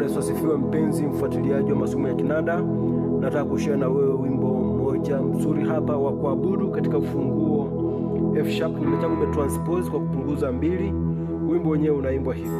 Bwana Yesu asifiwe. Mpenzi mfuatiliaji wa masomo ya kinanda, nataka kushare na wewe wimbo mmoja mzuri hapa wa kuabudu katika ufunguo F sharp. changu kwa kupunguza mbili. Wimbo wenyewe unaimbwa hivi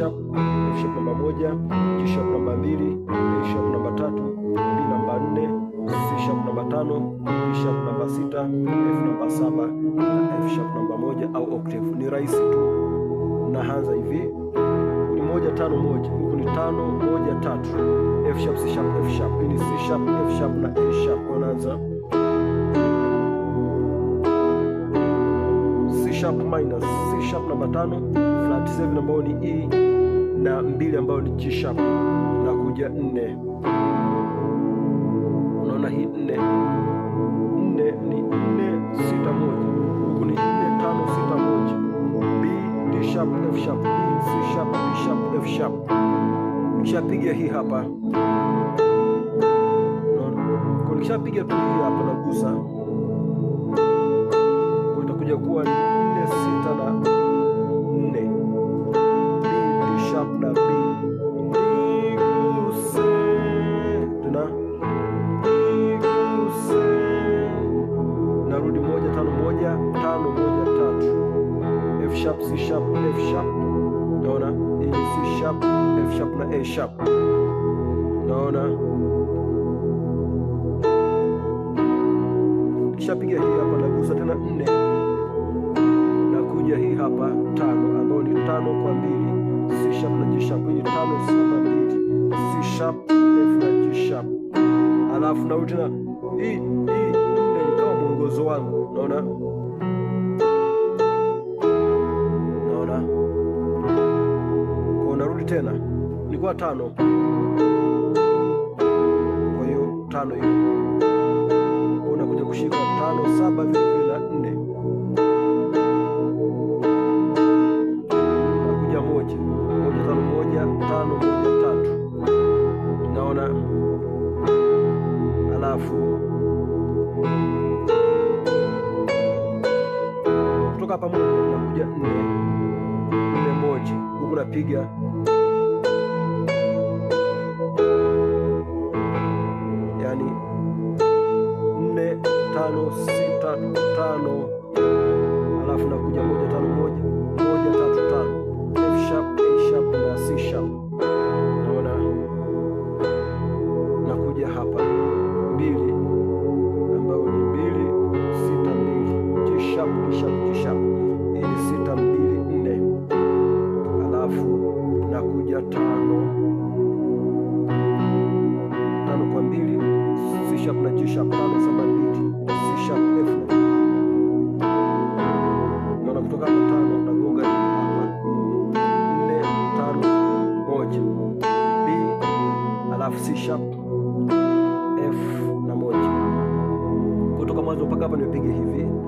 sharp F sharp namba moja, G sharp namba mbili, A sharp namba tatu, B namba nne, C sharp namba tano, D sharp namba sita, F namba saba na F sharp namba moja au octave. Ni rahisi tu, unaanza hivi, ni moja tano moja, huku ni tano moja tatu, F sharp C sharp F sharp, ni C sharp F sharp na A sharp, unaanza C sharp minus C sharp namba tano, flat 7 ambayo ni E na mbili ambayo ni G sharp na kuja nne. Unaona hii nne nne ni nne sita moja, huku ni nne tano sita moja, B D sharp F sharp e, C sharp D sharp F sharp. Ukishapiga hii hapa, ukishapiga tu hii hapa nagusa, utakuja kuwa ni nne sita na tano moja tano moja tatu F sharp C sharp F sharp, naona hii C sharp F sharp na A sharp, naona kishapiga hii hapa, nagusa tena nne na kuja hii hapa tano, ambayo ni tano kwa mbili C sharp na G sharp, hii tano saba mbili C sharp F na G sharp, alafu na tena hii hii nne ni ikawa mwongozo wangu Unaona, unaona, kwa narudi tena, kwa tano, kwa hiyo tano hiyo unakuja kushika tano saba kutoka hapa nakuja nne nne moja huku napiga yani nne tano sita tano alafu nakuja moja tano moja moja tatu tano F sharp A sharp na C sharp saba mbili C sharp F naona kutoka hapo tano F na moja kutoka mwanzo mpaka hapa nimepiga hivi